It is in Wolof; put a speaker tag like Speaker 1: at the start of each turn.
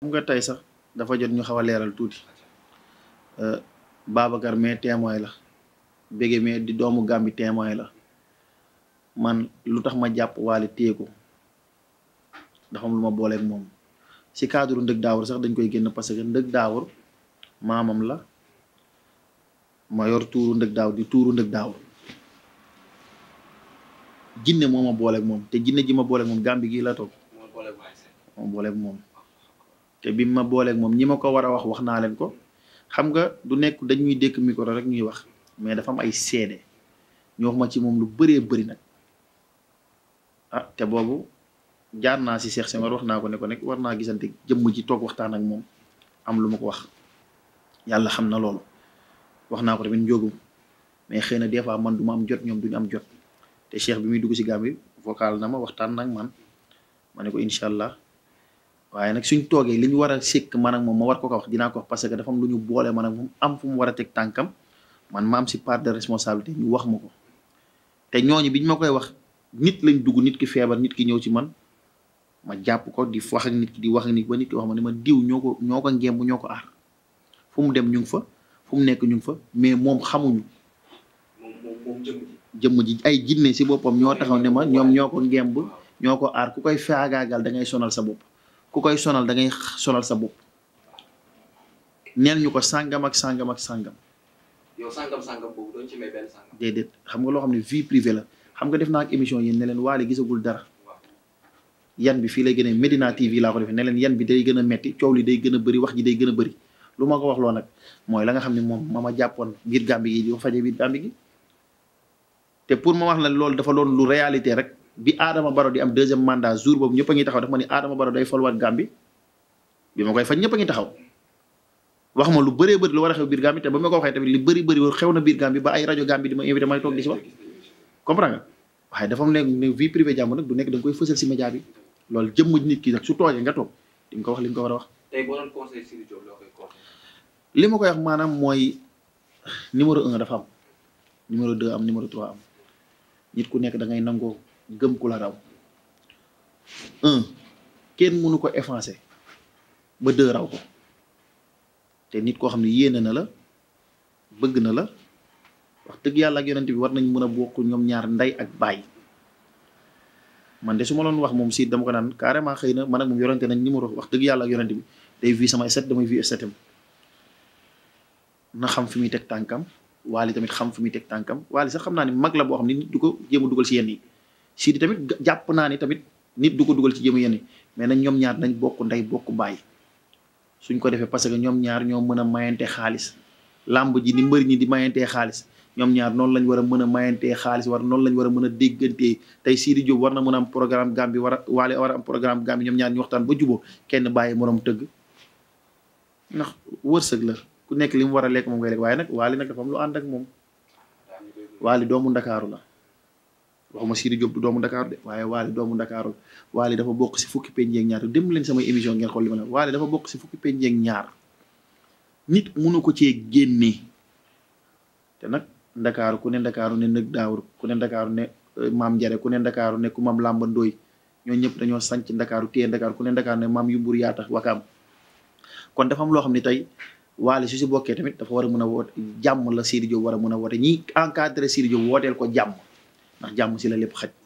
Speaker 1: xam nga tey sax dafa jot ñu xaw a leeral tuuti euh, Babacar mais témoin la Bégué mais di doomu Gàmbi témoin la man lu tax ma jàpp waale téye dafa am lu ma booleeg moom si cadre ndëg daawur sax dañ koy génn parce que ndëg daawur maamam la ma yor tuuru ndëg daaw di tuuru ndëg daawur jinne moo ma booleeg moom te jinne ji ma booleeg moom Gàmbi gii la toog moo booleeg moom te bi ma booleeg moom ñi ma ko war a wax wax naa leen ko xam nga du nekk dañuy dékk micro rek ñuy wax mais dafa am ay seede ñu wax ma ci moom lu bëree bëri nag ah te boobu jaar naa si Cheikh Semar wax naa ko ne ko nekk war naa gisante jëmm ji toog waxtaan ak moom am lu ma wax yàlla xam na loolu wax naa ko tamit njóogu mais xëy des fois man du am jot ñoom duñu am jot te Cheikh bi muy dugg si Gambie vocal na ma waxtaan nag man ma ne ko incha allah waaye nag suñ toogee li ñu war a sikk man ak moom ma war ko ko wax dinaa ko wax parce que dafa am lu ñu man ak am fu mu war a teg man ma am si part de responsabilité ñu wax ma ko te ñooñu biñ ma koy wax nit lañ dugg nit ki feebar nit ki ñëw ci man ma jàpp ko di wax ak nit ki di wax ak nit ba nit ki wax ma ne ma diw ñoo ko ñoo ko ngemb ñoo ko aar ah. fu mu dem ñu ngi fa fu mu nekk ñu ngi fa mais moom xamuñu jëmm ji ay jinne si boppam ñoo taxaw ne ma ñoom ñoo ko ngemb ñoo ko aar ku koy da ngay sonal sa bopp ku koy sonal da ngay sonal sa bopp neen ñu ko sàngam ak sàngam ak sàngam. yow sàngam sàngam boobu doon ci may benn sàngam. déedéet xam nga loo xam ne vie la xam nga def naa émission yi ne leen waale gisagul dara. yan bi fii lay gën a Medina TV laa ko leen yan bi day gën a coow li day gën a bëri wax day gën a bëri lu ma ko wax nag mooy la nga xam ne moom ma jàppoon biir gàmbi gi di ko fajee biir dafa doon lu réalité rek bi Adama Barrow am deuxième mandat jour boobu ñëpp a ngi taxaw dafa ma ni Adama Barrow day folwaat Gambie bi ma koy faj ñëpp a ngi taxaw wax ma lu bëree bëri lu war a xew biir Gambie te ba ma ko waxee tamit li bëri bëri xew na biir Gambie ba ay rajo Gambie di ma invité may am ne vie privée jàmm nag nekk da koy fësal si média bi loolu jëmm nit ki nag su toogee nga toog di ko wax li nga ko a wax. tey li ma koy wax maanaam mooy numéro un dafa am numéro deux am numéro trois am nit ku nekk da ngay nangoo gëm ku la raw kenn mënu ko effacer ba deux raw ko te nit koo xam ne yéene na la bëgg na la wax dëgg yàlla ak yonent bi war nañ mën a bokk ñoom ñaar ndey ak baay man de su ma doon wax moom si dama ko naan carrément xëy na man ak moom yorante nañ numéro wax dëgg yàlla ak yonent bi day vi samay set damay vi setam na xam fi muy teg tànkam waali tamit xam fi muy teg tànkam waali sax xam naa ne mag la boo xam ne nit du ko jéem dugal si yenn yi Sidi tamit japp na ni tamit nit du ko dugal ci jëm yene ya mais nak ñom ñaar nañ bokku nday bokku bay suñ ko defé parce que ñom ñaar ñoo mëna a xaaliss lamb ji ni mbeur ñi di mayantee xaaliss ñom ñaar non lañ wara mëna mën xaaliss war non lañ wara mëna mën tay Sidi Diop war na mëna am programme Gambi war walé war am programme Gambi ñom ñaar ñu waxtaan ba juboo kenn baye morom teug nak wërsëg la ku nekk li wara lek a ngay lek waye nak waali nak dafa am lu and ak mom doomu la waxuma siri Diop du doomu Dakar de waaye Waly doomu Dakar la dafa bokk si fukki peñ ak ñaar dem leen sama émission ngeen xol li ma la Waly dafa bokk si fukki peñ ak ñaar nit mënu ko cee génne te nag Dakar ku ne Dakar ne nag daawur ku ne Dakar ne euh, mam Jare ku ne Dakar ne ku mam Lamba Ndoy ñoo ñëpp dañoo sanc Dakar téye Dakar ku ne Dakar ne maam Yumbur yaa tax wakam kon dafa am loo xam ne tey Waly su si bokkee tamit dafa war a mën a woote jàmm la Sidi Diop war a mën a woote ñi encadré Sidi Diop wooteel ko jàmm ndax jàmm si la lépp xaj